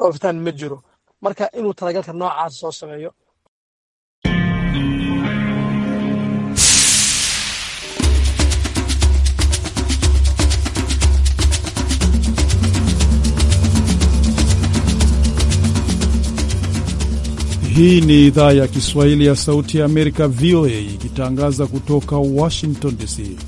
dhoofitaan ma jiro marka inuu talagalka noocaas soo sameeyo Hii ni idhaa ya Kiswahili ya Sauti ya Amerika, VOA, ikitangaza kutoka Washington DC.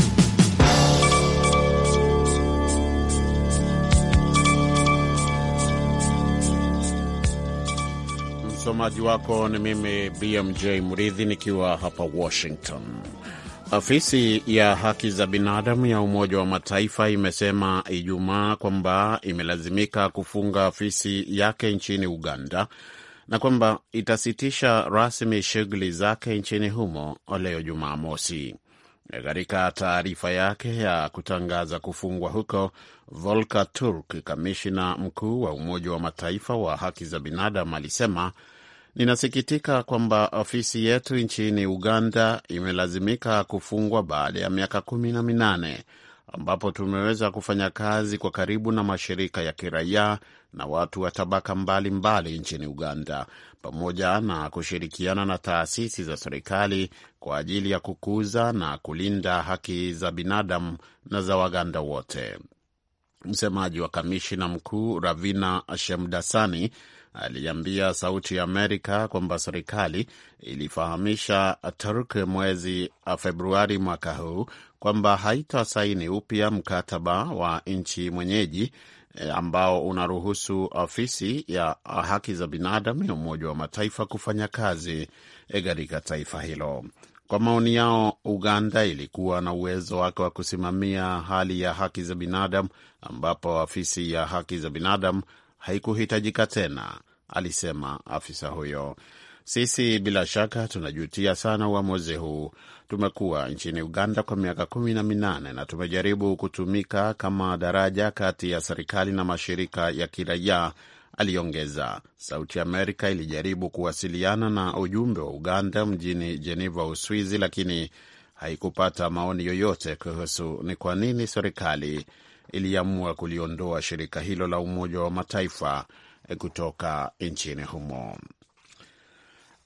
msomaji wako ni mimi BMJ Mridhi nikiwa hapa Washington. Ofisi ya haki za binadamu ya Umoja wa Mataifa imesema Ijumaa kwamba imelazimika kufunga ofisi yake nchini Uganda na kwamba itasitisha rasmi shughuli zake nchini humo leo Jumamosi. Katika taarifa yake ya kutangaza kufungwa huko, Volker Turk, kamishina mkuu wa Umoja wa Mataifa wa haki za binadamu, alisema Ninasikitika kwamba ofisi yetu nchini Uganda imelazimika kufungwa baada ya miaka kumi na minane ambapo tumeweza kufanya kazi kwa karibu na mashirika ya kiraia na watu wa tabaka mbalimbali nchini Uganda, pamoja na kushirikiana na taasisi za serikali kwa ajili ya kukuza na kulinda haki za binadamu na za Waganda wote. Msemaji wa kamishina mkuu Ravina Shemdasani aliambia Sauti ya Amerika kwamba serikali ilifahamisha Turk mwezi Februari mwaka huu kwamba haitasaini upya mkataba wa nchi mwenyeji e, ambao unaruhusu ofisi ya haki za binadamu ya Umoja wa Mataifa kufanya kazi e, katika taifa hilo. Kwa maoni yao, Uganda ilikuwa na uwezo wake wa kusimamia hali ya haki za binadamu, ambapo ofisi ya haki za binadamu haikuhitajika tena, alisema afisa huyo. Sisi bila shaka tunajutia sana uamuzi huu. Tumekuwa nchini Uganda kwa miaka kumi na minane na tumejaribu kutumika kama daraja kati ya serikali na mashirika ya kiraia, aliongeza. Sauti Amerika ilijaribu kuwasiliana na ujumbe wa Uganda mjini Jeneva, Uswizi, lakini haikupata maoni yoyote kuhusu ni kwa nini serikali iliamua kuliondoa shirika hilo la Umoja wa Mataifa eh, kutoka nchini humo.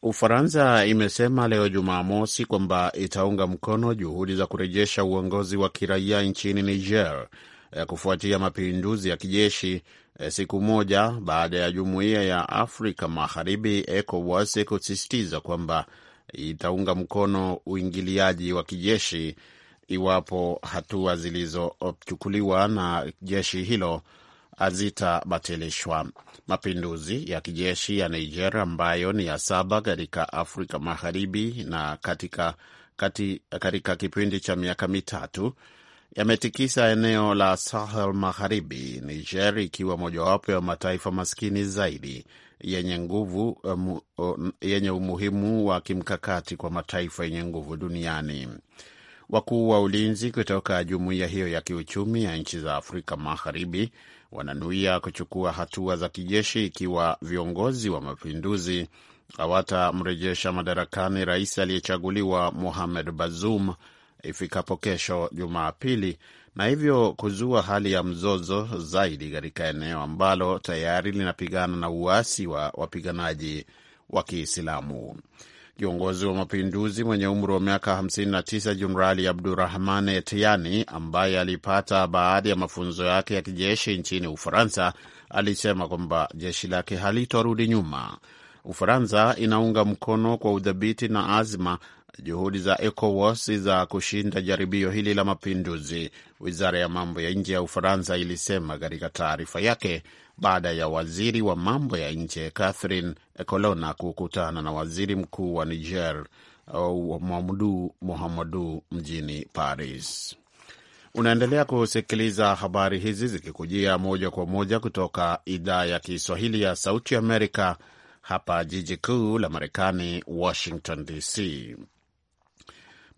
Ufaransa imesema leo Jumamosi kwamba itaunga mkono juhudi za kurejesha uongozi wa kiraia nchini Niger eh, kufuatia mapinduzi ya kijeshi eh, siku moja baada ya jumuiya ya Afrika Magharibi ECOWAS kusisitiza kwamba itaunga mkono uingiliaji wa kijeshi iwapo hatua zilizochukuliwa na jeshi hilo hazitabatilishwa. Mapinduzi ya kijeshi ya Niger ambayo ni ya saba katika Afrika Magharibi na katika, kati, katika kipindi cha miaka mitatu yametikisa eneo la Sahel Magharibi, Niger ikiwa mojawapo ya mataifa maskini zaidi yenye nguvu, yenye umuhimu wa kimkakati kwa mataifa yenye nguvu duniani. Wakuu wa ulinzi kutoka jumuiya hiyo ya kiuchumi ya nchi za Afrika Magharibi wananuia kuchukua hatua za kijeshi ikiwa viongozi wa mapinduzi hawatamrejesha madarakani rais aliyechaguliwa Mohamed Bazoum ifikapo kesho Jumapili, na hivyo kuzua hali ya mzozo zaidi katika eneo ambalo tayari linapigana na uasi wa wapiganaji wa Kiislamu. Kiongozi wa mapinduzi mwenye umri wa miaka 59 Jenerali Abdurahman Etiani, ambaye alipata baadhi ya mafunzo yake ya kijeshi nchini Ufaransa, alisema kwamba jeshi lake halitorudi nyuma. Ufaransa inaunga mkono kwa udhabiti na azma juhudi za ECOWAS za kushinda jaribio hili la mapinduzi, wizara ya mambo ya nje ya Ufaransa ilisema katika taarifa yake baada ya waziri wa mambo ya nje Catherine Colonna kukutana na waziri mkuu wa Niger uh, Mamdu muhamadu mjini Paris. Unaendelea kusikiliza habari hizi zikikujia moja kwa moja kutoka idhaa ya Kiswahili ya Sauti Amerika, hapa jiji kuu la Marekani, Washington DC.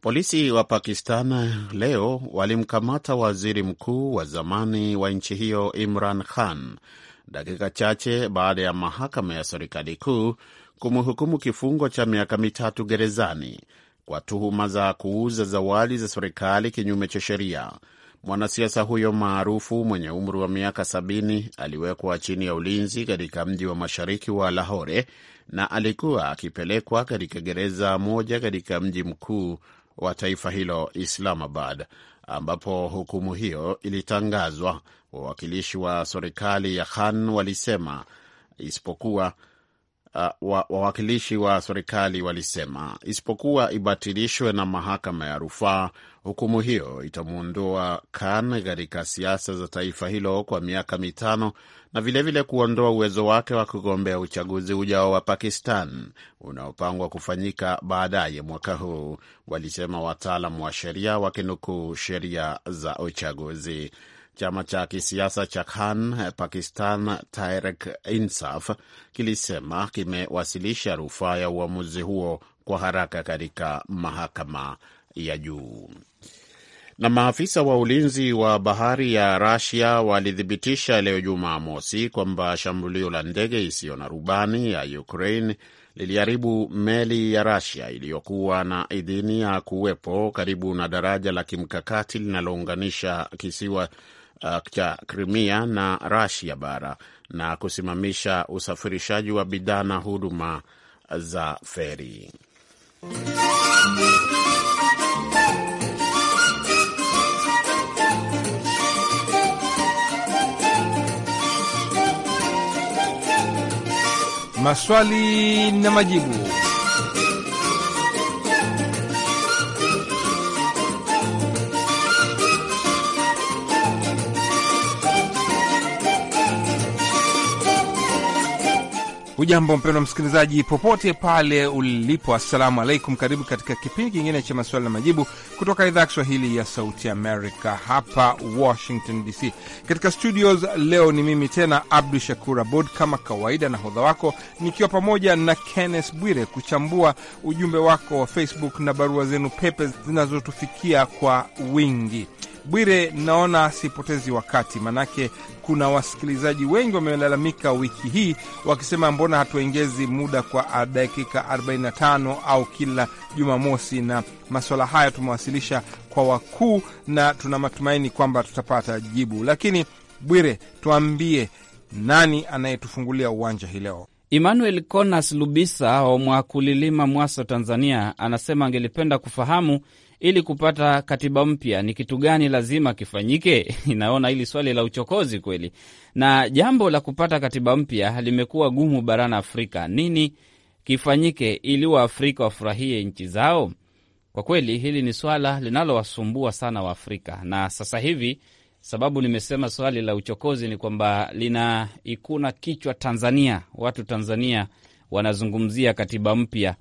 Polisi wa Pakistan leo walimkamata waziri mkuu wa zamani wa nchi hiyo Imran Khan dakika chache baada ya mahakama ya serikali kuu kumhukumu kifungo cha miaka mitatu gerezani kwa tuhuma za kuuza zawadi za serikali kinyume cha sheria. Mwanasiasa huyo maarufu mwenye umri wa miaka sabini aliwekwa chini ya ulinzi katika mji wa mashariki wa Lahore na alikuwa akipelekwa katika gereza moja katika mji mkuu wa taifa hilo Islamabad, ambapo hukumu hiyo ilitangazwa Wawakilishi wa serikali ya Khan walisema isipokuwa uh, wawakilishi wa serikali walisema isipokuwa ibatilishwe na mahakama ya rufaa, hukumu hiyo itamwondoa Khan katika siasa za taifa hilo kwa miaka mitano na vilevile kuondoa uwezo wake wa kugombea uchaguzi ujao wa Pakistan unaopangwa kufanyika baadaye mwaka huu, walisema wataalam wa sheria wakinukuu sheria za uchaguzi. Chama cha kisiasa cha Khan Pakistan Tehreek Insaf kilisema kimewasilisha rufaa ya uamuzi huo kwa haraka katika mahakama ya juu. Na maafisa wa ulinzi wa bahari ya Rasia walithibitisha leo Jumamosi kwamba shambulio la ndege isiyo na rubani ya Ukraine liliharibu meli ya Rasia iliyokuwa na idhini ya kuwepo karibu na daraja la kimkakati linalounganisha kisiwa uh, cha na rusia bara na kusimamisha usafirishaji wa bidhaa na huduma za feri. Maswali na majibu. Ujambo mpendwa msikilizaji, popote pale ulipo, assalamu alaikum. Karibu katika kipindi kingine cha maswali na majibu kutoka idhaa ya Kiswahili ya Sauti Amerika hapa Washington DC. Katika studios leo ni mimi tena Abdu Shakur Abud, kama kawaida na hodha wako, nikiwa pamoja na Kenneth Bwire kuchambua ujumbe wako wa Facebook na barua zenu pepe zinazotufikia kwa wingi. Bwire, naona sipotezi wakati, manake kuna wasikilizaji wengi wamelalamika wiki hii wakisema, mbona hatuengezi muda kwa dakika 45 au kila Jumamosi? Na masuala haya tumewasilisha kwa wakuu na tuna matumaini kwamba tutapata jibu. Lakini Bwire, tuambie nani anayetufungulia uwanja hii leo? Emmanuel Conas Lubisa wa Mwakulilima, Mwaso, Tanzania, anasema angelipenda kufahamu ili kupata katiba mpya ni kitu gani lazima kifanyike? Inaona hili swali la uchokozi kweli, na jambo la kupata katiba mpya limekuwa gumu barani Afrika. Nini kifanyike ili Waafrika wafurahie nchi zao? Kwa kweli hili ni swala linalowasumbua sana Waafrika, na sasa hivi sababu nimesema swali la uchokozi ni kwamba lina ikuna kichwa Tanzania. Watu Tanzania wanazungumzia katiba mpya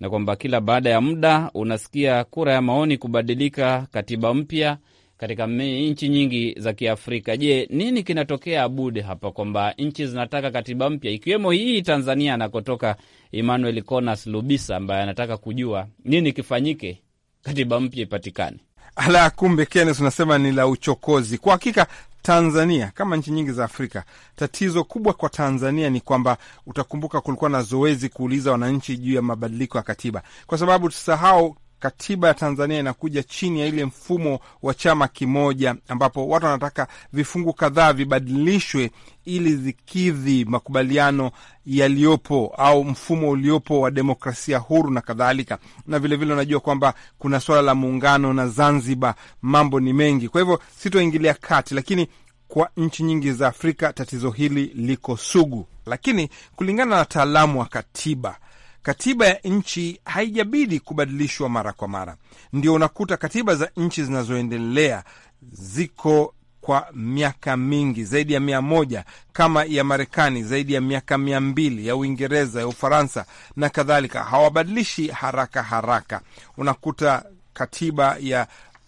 na kwamba kila baada ya muda unasikia kura ya maoni kubadilika katiba mpya katika nchi nyingi za Kiafrika. Je, nini kinatokea Abud hapa kwamba nchi zinataka katiba mpya ikiwemo hii Tanzania anakotoka Emmanuel Konas Lubisa ambaye anataka kujua nini kifanyike katiba mpya ipatikane. Ala, kumbe Kenes unasema ni la uchokozi. Kwa hakika Tanzania kama nchi nyingi za Afrika, tatizo kubwa kwa Tanzania ni kwamba utakumbuka kulikuwa na zoezi kuuliza wananchi juu ya mabadiliko ya katiba, kwa sababu tusahau katiba ya Tanzania inakuja chini ya ile mfumo wa chama kimoja, ambapo watu wanataka vifungu kadhaa vibadilishwe ili zikidhi makubaliano yaliyopo au mfumo uliopo wa demokrasia huru na kadhalika. Na vilevile unajua vile kwamba kuna suala la muungano na Zanzibar, mambo ni mengi, kwa hivyo sitoingilia kati, lakini kwa nchi nyingi za Afrika tatizo hili liko sugu, lakini kulingana na wataalamu wa katiba katiba ya nchi haijabidi kubadilishwa mara kwa mara. Ndio unakuta katiba za nchi zinazoendelea ziko kwa miaka mingi zaidi ya mia moja kama ya Marekani, zaidi ya miaka mia mbili ya Uingereza, ya Ufaransa na kadhalika. Hawabadilishi haraka haraka. Unakuta katiba ya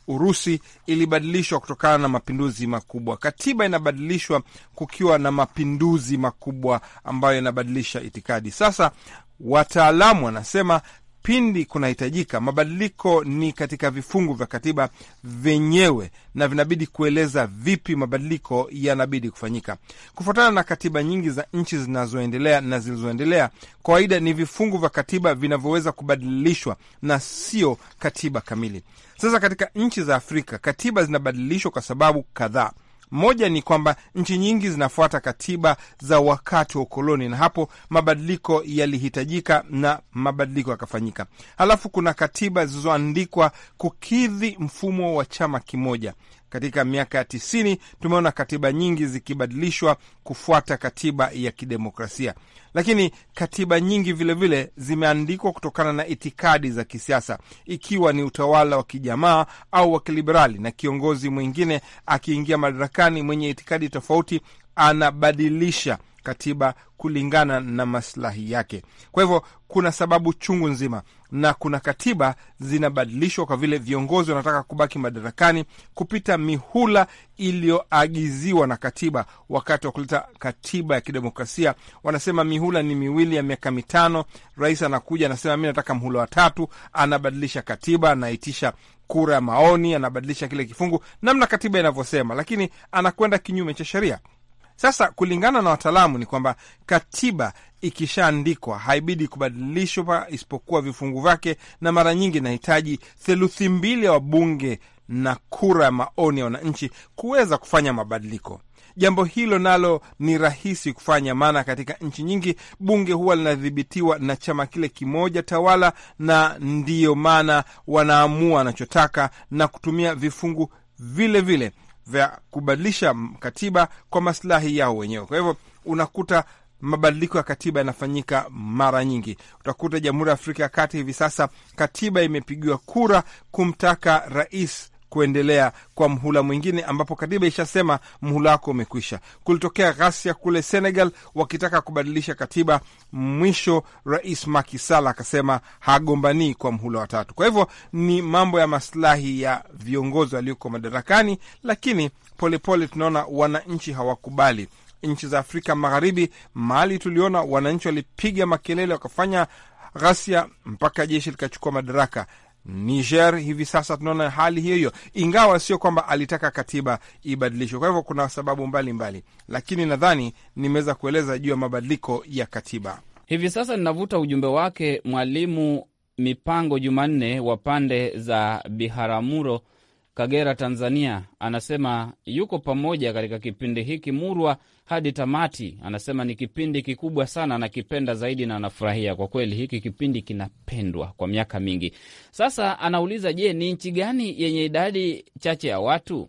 Urusi ilibadilishwa kutokana na mapinduzi makubwa. Katiba inabadilishwa kukiwa na mapinduzi makubwa ambayo yanabadilisha itikadi. Sasa Wataalamu wanasema pindi kunahitajika mabadiliko ni katika vifungu vya katiba vyenyewe, na vinabidi kueleza vipi mabadiliko yanabidi kufanyika. Kufuatana na katiba nyingi za nchi zinazoendelea na zilizoendelea, kawaida ni vifungu vya katiba vinavyoweza kubadilishwa na sio katiba kamili. Sasa katika nchi za Afrika katiba zinabadilishwa kwa sababu kadhaa. Moja ni kwamba nchi nyingi zinafuata katiba za wakati wa ukoloni, na hapo mabadiliko yalihitajika na mabadiliko yakafanyika. Halafu kuna katiba zilizoandikwa kukidhi mfumo wa chama kimoja. Katika miaka ya tisini tumeona katiba nyingi zikibadilishwa kufuata katiba ya kidemokrasia, lakini katiba nyingi vilevile zimeandikwa kutokana na itikadi za kisiasa, ikiwa ni utawala wa kijamaa au wa kiliberali, na kiongozi mwingine akiingia madarakani mwenye itikadi tofauti anabadilisha katiba kulingana na maslahi yake. Kwa hivyo kuna sababu chungu nzima, na kuna katiba zinabadilishwa kwa vile viongozi wanataka kubaki madarakani kupita mihula iliyoagiziwa na katiba. Wakati wa kuleta katiba ya kidemokrasia, wanasema mihula ni miwili ya miaka mitano. Rais anakuja anasema, mi nataka mhula wa tatu, anabadilisha katiba, anaitisha kura ya maoni, anabadilisha kile kifungu namna katiba inavyosema, lakini anakwenda kinyume cha sheria. Sasa kulingana na wataalamu ni kwamba katiba ikishaandikwa haibidi kubadilishwa isipokuwa vifungu vyake, na mara nyingi inahitaji theluthi mbili ya wabunge na kura ya maoni ya wananchi kuweza kufanya mabadiliko. Jambo hilo nalo ni rahisi kufanya, maana katika nchi nyingi bunge huwa linadhibitiwa na chama kile kimoja tawala, na ndiyo maana wanaamua wanachotaka na kutumia vifungu vile vile vya kubadilisha katiba kwa masilahi yao wenyewe. Kwa hivyo unakuta mabadiliko ya katiba yanafanyika mara nyingi. Utakuta Jamhuri ya Afrika ya Kati hivi sasa katiba imepigiwa kura kumtaka rais kuendelea kwa mhula mwingine, ambapo katiba ishasema mhula wako umekwisha. Kulitokea ghasia kule Senegal wakitaka kubadilisha katiba, mwisho Rais Macky Sall akasema hagombanii kwa mhula watatu. Kwa hivyo ni mambo ya maslahi ya viongozi walioko madarakani, lakini polepole tunaona wananchi hawakubali nchi za Afrika Magharibi. Mali tuliona wananchi walipiga makelele, wakafanya ghasia mpaka jeshi likachukua madaraka. Niger hivi sasa tunaona hali hiyo hiyo, ingawa sio kwamba alitaka katiba ibadilishwe. Kwa hivyo kuna sababu mbalimbali mbali, lakini nadhani nimeweza kueleza juu ya mabadiliko ya katiba. Hivi sasa ninavuta ujumbe wake Mwalimu Mipango Jumanne wa pande za biharamuro Kagera, Tanzania, anasema yuko pamoja katika kipindi hiki murwa hadi tamati. Anasema ni kipindi kikubwa sana, anakipenda zaidi na anafurahia kwa kweli. Hiki kipindi kinapendwa kwa miaka mingi sasa. Anauliza, je, ni nchi gani yenye idadi chache ya watu?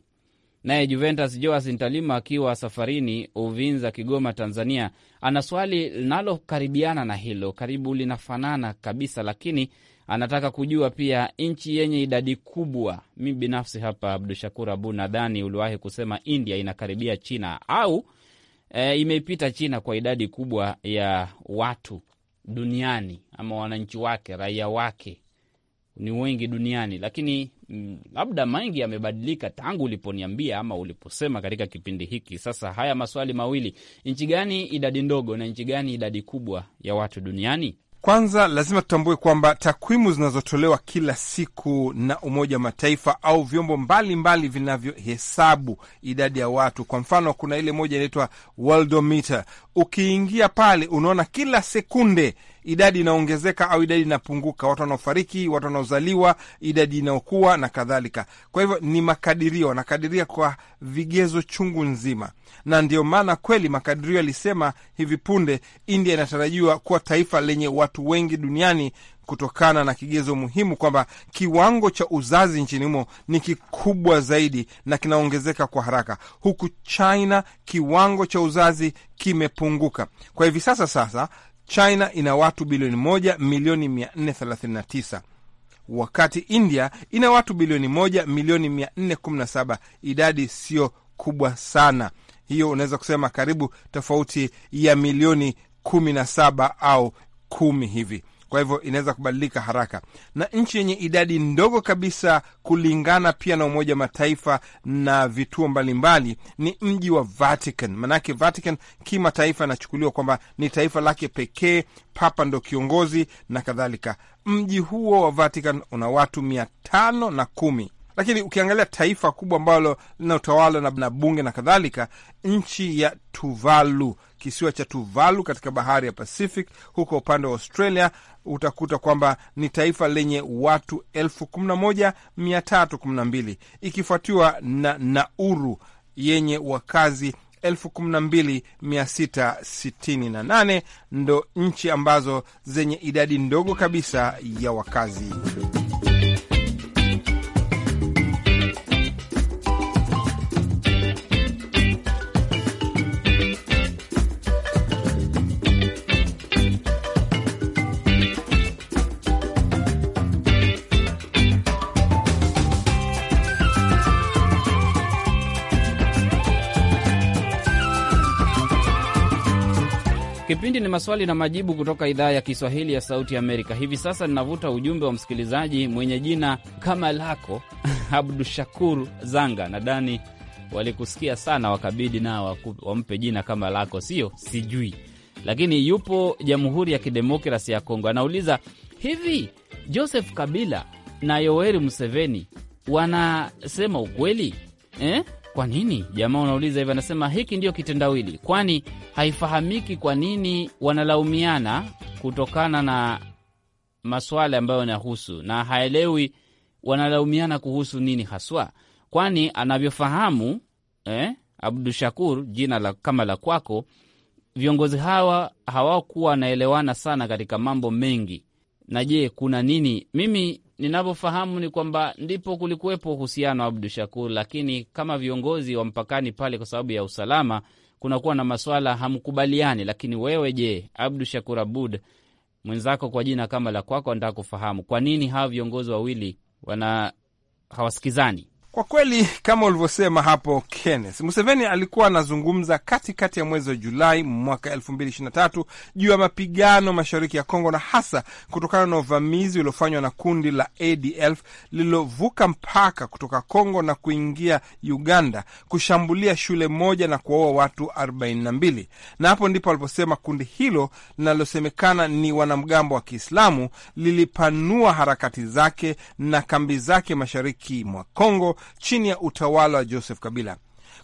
Naye Juventus Joas Ntalima akiwa safarini Uvinza, Kigoma, Tanzania, ana swali linalokaribiana na hilo, karibu linafanana kabisa, lakini anataka kujua pia nchi yenye idadi kubwa. Mi binafsi hapa, Abdu Shakur Abu, nadhani uliwahi kusema India inakaribia China au e, imeipita China kwa idadi kubwa ya watu duniani, ama wananchi wake, raia wake ni wengi duniani, lakini mm, labda mengi yamebadilika tangu uliponiambia ama uliposema katika kipindi hiki. Sasa haya maswali mawili, nchi gani idadi ndogo na nchi gani idadi kubwa ya watu duniani? Kwanza lazima tutambue kwamba takwimu zinazotolewa kila siku na Umoja wa Mataifa au vyombo mbalimbali vinavyohesabu idadi ya watu, kwa mfano, kuna ile moja inaitwa Worldometer. Ukiingia pale unaona kila sekunde idadi inaongezeka au idadi inapunguka, watu wanaofariki, watu wanaozaliwa, idadi inayokuwa na kadhalika. Kwa hivyo ni makadirio, wanakadiria kwa vigezo chungu nzima, na ndio maana kweli makadirio yalisema hivi punde India inatarajiwa kuwa taifa lenye watu wengi duniani kutokana na kigezo muhimu kwamba kiwango cha uzazi nchini humo ni kikubwa zaidi na kinaongezeka kwa haraka, huku China kiwango cha uzazi kimepunguka. Kwa hivi sasa sasa China ina watu bilioni moja milioni 439 wakati India ina watu bilioni moja milioni 417. Idadi siyo kubwa sana hiyo, unaweza kusema karibu tofauti ya milioni 17 au kumi hivi. Kwa hivyo inaweza kubadilika haraka, na nchi yenye idadi ndogo kabisa kulingana pia na Umoja Mataifa na vituo mbalimbali mbali, ni mji wa Vatican. Maanake Vatican kimataifa inachukuliwa kwamba ni taifa lake pekee, papa ndo kiongozi na kadhalika. Mji huo wa Vatican una watu mia tano na kumi. Lakini ukiangalia taifa kubwa ambalo lina utawala na bunge na kadhalika, nchi ya Tuvalu, kisiwa cha Tuvalu katika bahari ya Pacific huko upande wa Australia, utakuta kwamba ni taifa lenye watu elfu kumi na moja mia tatu kumi na mbili ikifuatiwa na Nauru yenye wakazi 12668 ndo nchi ambazo zenye idadi ndogo kabisa ya wakazi. Kipindi ni maswali na majibu kutoka idhaa ya Kiswahili ya Sauti ya Amerika. Hivi sasa ninavuta ujumbe wa msikilizaji mwenye jina kama lako Abdushakur Zanga, nadhani walikusikia sana, wakabidi nao wampe jina kama lako, sio sijui, lakini yupo Jamhuri ya Kidemokrasi ya Kongo. Anauliza hivi, Joseph Kabila na Yoweri Museveni wanasema ukweli eh? Kwa nini jamaa unauliza hivyo? Anasema hiki ndiyo kitendawili, kwani haifahamiki kwa nini wanalaumiana kutokana na maswale ambayo yanahusu, na haelewi wanalaumiana kuhusu nini haswa, kwani anavyofahamu eh, Abdu Shakur, jina la kama la kwako, viongozi hawa hawakuwa wanaelewana sana katika mambo mengi. Na je, kuna nini? Mimi ninavyofahamu ni kwamba ndipo kulikuwepo uhusiano wa Abdu Shakur, lakini kama viongozi wa mpakani pale, kwa sababu ya usalama, kunakuwa na maswala hamkubaliani. Lakini wewe je, Abdu Shakur Abud, mwenzako kwa jina kama la kwako, nataka kufahamu kwa nini hawa viongozi wawili wana hawasikizani? Kwa kweli kama ulivyosema hapo Kenneth, Museveni alikuwa anazungumza katikati ya mwezi wa Julai mwaka 2023 juu ya mapigano mashariki ya Kongo na hasa kutokana na uvamizi uliofanywa na kundi la ADF lililovuka mpaka kutoka Kongo na kuingia Uganda kushambulia shule moja na kuwaua watu 42. Na hapo ndipo aliposema kundi hilo linalosemekana ni wanamgambo wa Kiislamu lilipanua harakati zake na kambi zake mashariki mwa Kongo chini ya utawala wa Joseph Kabila.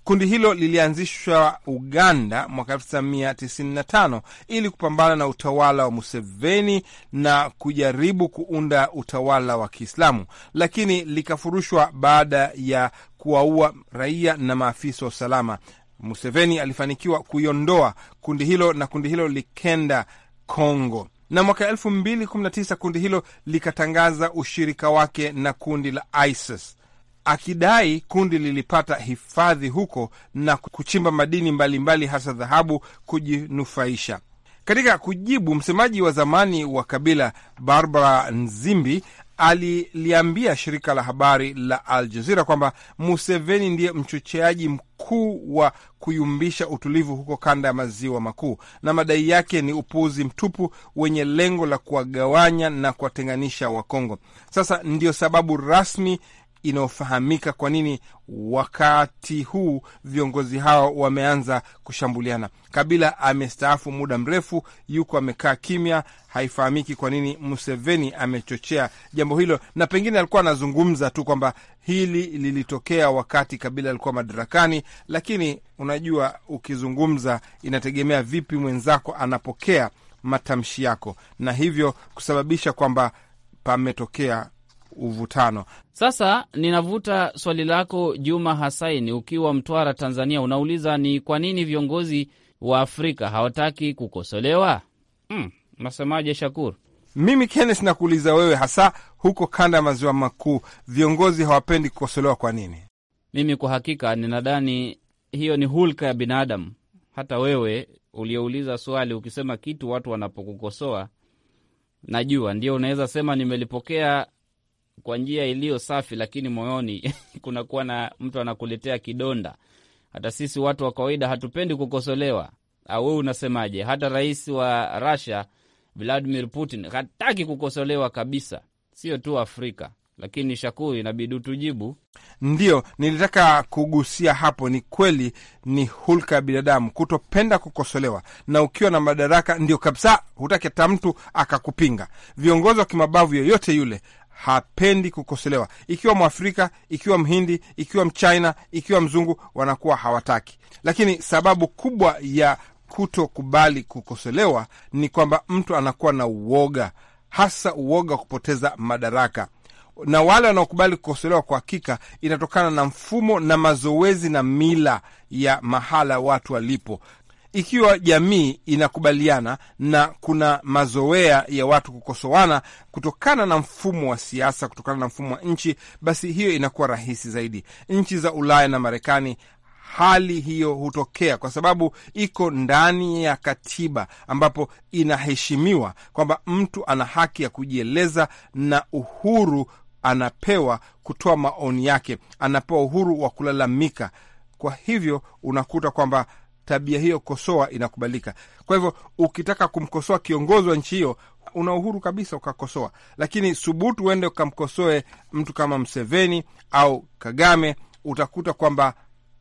Kundi hilo lilianzishwa Uganda mwaka 1995 ili kupambana na utawala wa Museveni na kujaribu kuunda utawala wa Kiislamu, lakini likafurushwa baada ya kuwaua raia na maafisa wa usalama. Museveni alifanikiwa kuiondoa kundi hilo na kundi hilo likenda Kongo na mwaka 2019 kundi hilo likatangaza ushirika wake na kundi la ISIS akidai kundi lilipata hifadhi huko na kuchimba madini mbalimbali mbali hasa dhahabu kujinufaisha. Katika kujibu, msemaji wa zamani wa Kabila Barbara Nzimbi aliliambia shirika la habari la Al Jazira kwamba Museveni ndiye mchocheaji mkuu wa kuyumbisha utulivu huko kanda ya maziwa makuu, na madai yake ni upuuzi mtupu wenye lengo la kuwagawanya na kuwatenganisha Wakongo. Sasa ndiyo sababu rasmi inayofahamika kwa nini wakati huu viongozi hao wameanza kushambuliana. Kabila amestaafu muda mrefu, yuko amekaa kimya, haifahamiki kwa nini Museveni amechochea jambo hilo, na pengine alikuwa anazungumza tu kwamba hili lilitokea wakati Kabila alikuwa madarakani, lakini unajua, ukizungumza inategemea vipi mwenzako anapokea matamshi yako, na hivyo kusababisha kwamba pametokea uvutano. Sasa ninavuta swali lako Juma Hasaini, ukiwa Mtwara, Tanzania, unauliza ni kwa nini viongozi wa Afrika hawataki kukosolewa. Mm, nasemaje shakur Mimi Kenneth, nakuuliza wewe, hasa huko kanda ya maziwa makuu, viongozi hawapendi kukosolewa kwa nini? Mimi kwa hakika ninadhani hiyo ni hulka ya binadamu. Hata wewe uliouliza swali, ukisema kitu watu wanapokukosoa, najua ndio unaweza sema nimelipokea kwa njia iliyo safi, lakini moyoni kunakuwa na mtu anakuletea kidonda. Hata sisi watu wa kawaida hatupendi kukosolewa, au ah, wewe unasemaje? Hata rais wa Russia Vladimir Putin hataki kukosolewa kabisa, sio tu Afrika. Lakini Shakuru, inabidi utujibu. Ndiyo nilitaka kugusia hapo. Ni kweli, ni hulka ya binadamu kutopenda kukosolewa, na ukiwa na madaraka ndio kabisa, hutaki hata mtu akakupinga. Viongozi wa kimabavu yoyote yule hapendi kukosolewa, ikiwa Mwafrika, ikiwa Mhindi, ikiwa Mchina, ikiwa mzungu, wanakuwa hawataki. Lakini sababu kubwa ya kutokubali kukosolewa ni kwamba mtu anakuwa na uoga, hasa uoga wa kupoteza madaraka na wale wanaokubali kukosolewa kwa hakika inatokana na mfumo na mazoezi na mila ya mahala watu walipo ikiwa jamii inakubaliana na kuna mazoea ya watu kukosoana kutokana na mfumo wa siasa, kutokana na mfumo wa nchi, basi hiyo inakuwa rahisi zaidi. Nchi za Ulaya na Marekani hali hiyo hutokea kwa sababu iko ndani ya katiba ambapo inaheshimiwa kwamba mtu ana haki ya kujieleza na uhuru anapewa kutoa maoni yake, anapewa uhuru wa kulalamika. Kwa hivyo unakuta kwamba tabia hiyo, kosoa, inakubalika. Kwa hivyo ukitaka kumkosoa kiongozi wa nchi hiyo una uhuru kabisa ukakosoa, lakini subutu uende ukamkosoe mtu kama Mseveni au Kagame, utakuta kwamba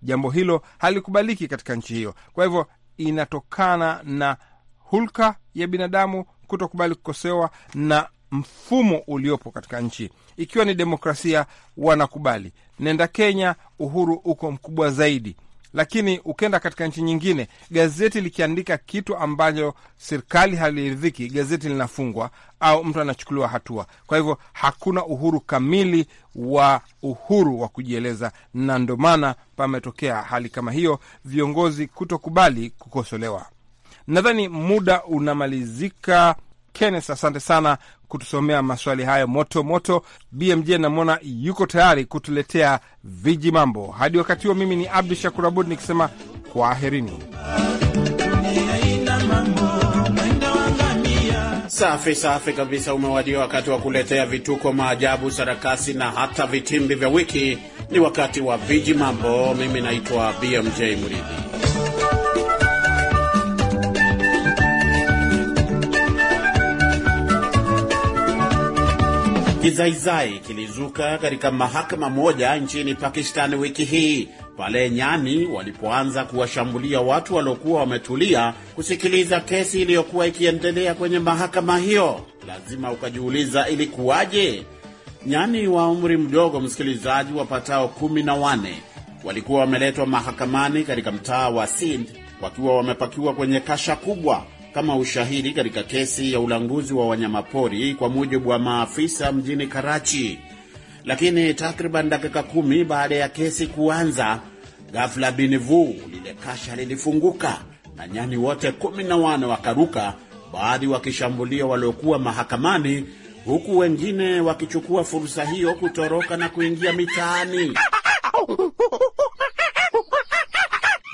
jambo hilo halikubaliki katika nchi hiyo. Kwa hivyo inatokana na hulka ya binadamu kutokubali kukosewa na mfumo uliopo katika nchi. Ikiwa ni demokrasia wanakubali. Nenda Kenya, uhuru uko mkubwa zaidi lakini ukenda katika nchi nyingine, gazeti likiandika kitu ambacho serikali haliridhiki, gazeti linafungwa au mtu anachukuliwa hatua. Kwa hivyo hakuna uhuru kamili wa uhuru wa kujieleza, na ndo maana pametokea hali kama hiyo, viongozi kutokubali kukosolewa. Nadhani muda unamalizika. Kennes, asante sana kutusomea maswali hayo moto moto. BMJ namwona yuko tayari kutuletea viji mambo. Hadi wakati huo, mimi ni Abdu Shakur Abud nikisema kwaherini. Safi safi kabisa, umewadia wakati wa kuletea vituko, maajabu, sarakasi na hata vitimbi vya wiki. Ni wakati wa viji mambo. Mimi naitwa BMJ Mridhi. Kizaizai kilizuka katika mahakama moja nchini Pakistani wiki hii pale nyani walipoanza kuwashambulia watu waliokuwa wametulia kusikiliza kesi iliyokuwa ikiendelea kwenye mahakama hiyo. Lazima ukajiuliza ilikuwaje? Nyani wa umri mdogo, msikilizaji, wapatao kumi na wane walikuwa wameletwa mahakamani katika mtaa wa Sind wakiwa wamepakiwa kwenye kasha kubwa kama ushahidi katika kesi ya ulanguzi wa wanyamapori kwa mujibu wa maafisa mjini Karachi. Lakini takriban dakika kumi baada ya kesi kuanza, ghafla binivu lile kasha lilifunguka na nyani wote kumi na wane wakaruka, baadhi wakishambulia waliokuwa mahakamani, huku wengine wakichukua fursa hiyo kutoroka na kuingia mitaani.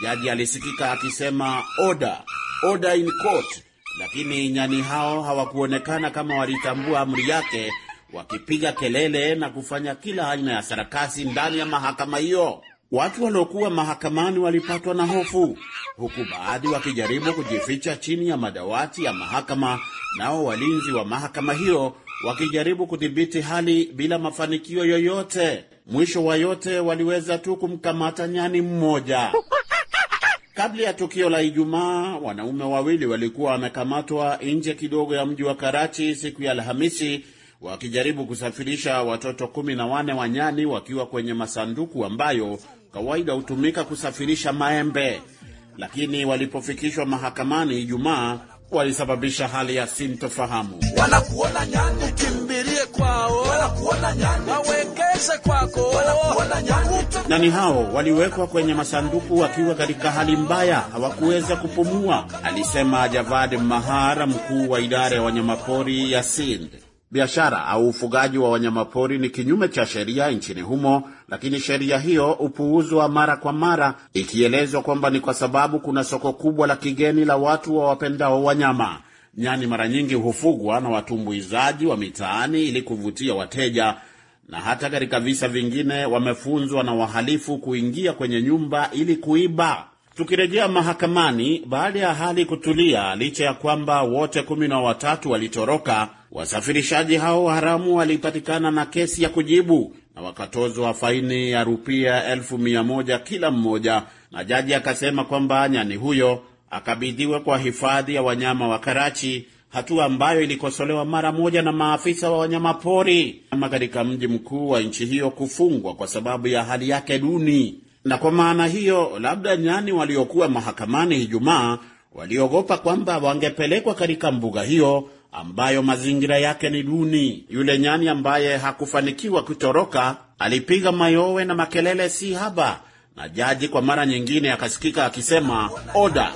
Jaji alisikika akisema oda order in court, lakini nyani hao hawakuonekana kama walitambua amri yake, wakipiga kelele na kufanya kila aina ya sarakasi ndani ya mahakama hiyo. Watu waliokuwa mahakamani walipatwa na hofu, huku baadhi wakijaribu kujificha chini ya madawati ya mahakama, nao walinzi wa mahakama hiyo wakijaribu kudhibiti hali bila mafanikio yoyote. Mwisho wa yote, waliweza tu kumkamata nyani mmoja. Kabla ya tukio la Ijumaa, wanaume wawili walikuwa wamekamatwa nje kidogo ya mji wa Karachi siku ya Alhamisi wakijaribu kusafirisha watoto kumi na wane wanyani wakiwa kwenye masanduku ambayo kawaida hutumika kusafirisha maembe, lakini walipofikishwa mahakamani Ijumaa walisababisha hali ya sintofahamu. Wanakuona nyani, kimbilie kwao, wanakuona nyani, wawekeze kwako, wanakuona nyani nani hao waliwekwa kwenye masanduku wakiwa katika hali mbaya, hawakuweza kupumua, alisema Javad Mahara, mkuu wa idara ya wanyamapori ya Sind. Biashara au ufugaji wa wanyamapori ni kinyume cha sheria nchini humo, lakini sheria hiyo hupuuzwa mara kwa mara, ikielezwa kwamba ni kwa sababu kuna soko kubwa la kigeni la watu wa wapendao wanyama. Nyani mara nyingi hufugwa na watumbuizaji wa mitaani ili kuvutia wateja na hata katika visa vingine wamefunzwa na wahalifu kuingia kwenye nyumba ili kuiba. Tukirejea mahakamani, baada ya hali kutulia, licha ya kwamba wote kumi na watatu walitoroka, wasafirishaji hao haramu walipatikana na kesi ya kujibu na wakatozwa faini ya rupia elfu mia moja kila mmoja, na jaji akasema kwamba nyani huyo akabidhiwe kwa hifadhi ya wanyama wa Karachi hatua ambayo ilikosolewa mara moja na maafisa wa wanyamapori ama katika mji mkuu wa nchi hiyo kufungwa kwa sababu ya hali yake duni. Na kwa maana hiyo, labda nyani waliokuwa mahakamani Ijumaa waliogopa kwamba wangepelekwa katika mbuga hiyo ambayo mazingira yake ni duni. Yule nyani ambaye hakufanikiwa kutoroka alipiga mayowe na makelele si haba na jaji kwa mara nyingine akasikika akisema order,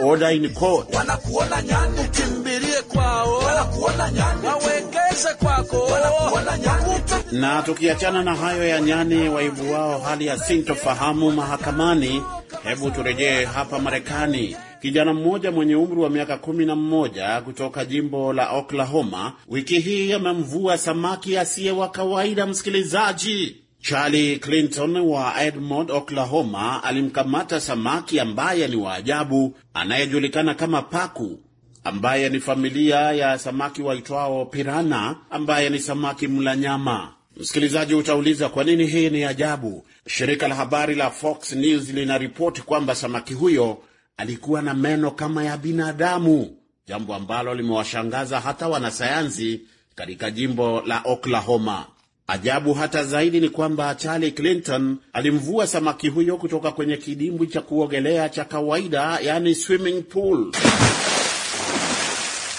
order in court. Wanakuona nyani, ukimbilie kwao, wanakuona nyani, wawekeze kwako, wanakuona nyani. Na tukiachana na hayo ya nyani waibu wao hali ya sintofahamu mahakamani, hebu turejee hapa Marekani. Kijana mmoja mwenye umri wa miaka kumi na mmoja kutoka jimbo la Oklahoma wiki hii amemvua samaki asiye wa kawaida msikilizaji Charlie Clinton wa Edmond, Oklahoma, alimkamata samaki ambaye ni wa ajabu anayejulikana kama paku, ambaye ni familia ya samaki waitwao pirana, ambaye ni samaki mla nyama. Msikilizaji, utauliza kwa nini hii ni ajabu? Shirika la habari la Fox News linaripoti kwamba samaki huyo alikuwa na meno kama ya binadamu, jambo ambalo limewashangaza hata wanasayansi katika jimbo la Oklahoma. Ajabu hata zaidi ni kwamba Charlie Clinton alimvua samaki huyo kutoka kwenye kidimbwi cha kuogelea cha kawaida, yani swimming pool.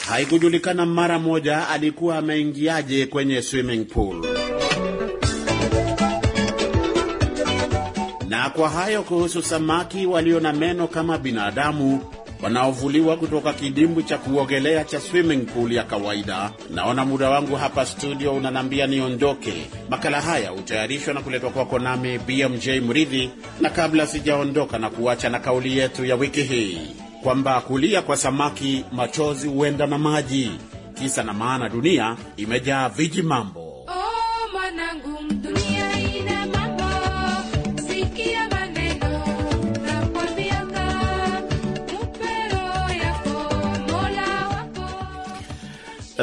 Haikujulikana mara moja alikuwa ameingiaje kwenye swimming pool. Na kwa hayo kuhusu samaki walio na meno kama binadamu wanaovuliwa kutoka kidimbwi cha kuogelea cha swimming pool ya kawaida. Naona muda wangu hapa studio unanambia niondoke. Makala haya hutayarishwa na kuletwa kwako nami BMJ Mridhi, na kabla sijaondoka na kuacha na kauli yetu ya wiki hii kwamba kulia kwa samaki machozi huenda na maji. Kisa na maana, dunia imejaa viji mambo.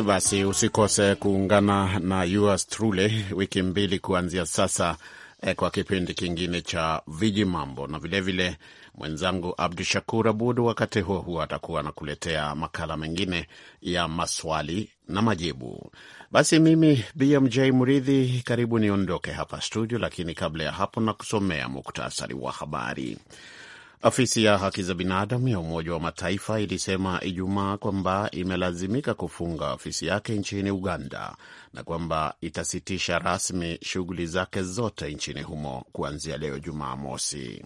Basi usikose kuungana na yours truly wiki mbili kuanzia sasa eh, kwa kipindi kingine cha viji mambo, na vilevile vile mwenzangu Abdu Shakur Abud wakati huo huo atakuwa anakuletea makala mengine ya maswali na majibu. Basi mimi BMJ Mridhi, karibu niondoke hapa studio, lakini kabla ya hapo na kusomea muktasari wa habari. Afisi ya haki za binadamu ya Umoja wa Mataifa ilisema Ijumaa kwamba imelazimika kufunga ofisi yake nchini Uganda na kwamba itasitisha rasmi shughuli zake zote nchini humo kuanzia leo jumaa mosi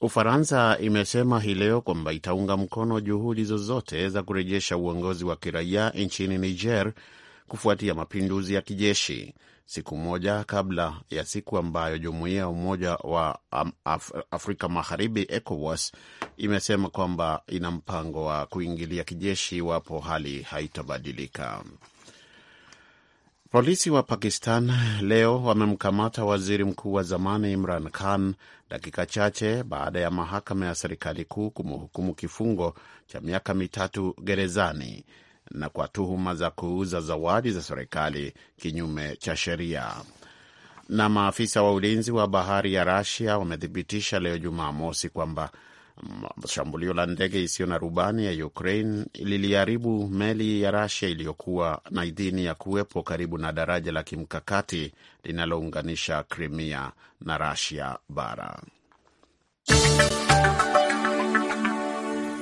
Ufaransa imesema hii leo kwamba itaunga mkono juhudi zozote za kurejesha uongozi wa kiraia nchini Niger kufuatia mapinduzi ya kijeshi siku moja kabla ya siku ambayo jumuiya ya Umoja wa Afrika Magharibi, ECOWAS, imesema kwamba ina mpango wa kuingilia kijeshi iwapo hali haitabadilika. Polisi wa Pakistan leo wamemkamata waziri mkuu wa zamani Imran Khan dakika chache baada ya mahakama ya serikali kuu kumhukumu kifungo cha miaka mitatu gerezani na kwa tuhuma za kuuza zawadi za serikali kinyume cha sheria. Na maafisa wa ulinzi wa bahari ya Rasia wamethibitisha leo Jumamosi kwamba mm, shambulio la ndege isiyo na rubani ya Ukraine liliharibu meli ya Rasia iliyokuwa na idhini ya kuwepo karibu na daraja la kimkakati linalounganisha Crimea na Rasia bara.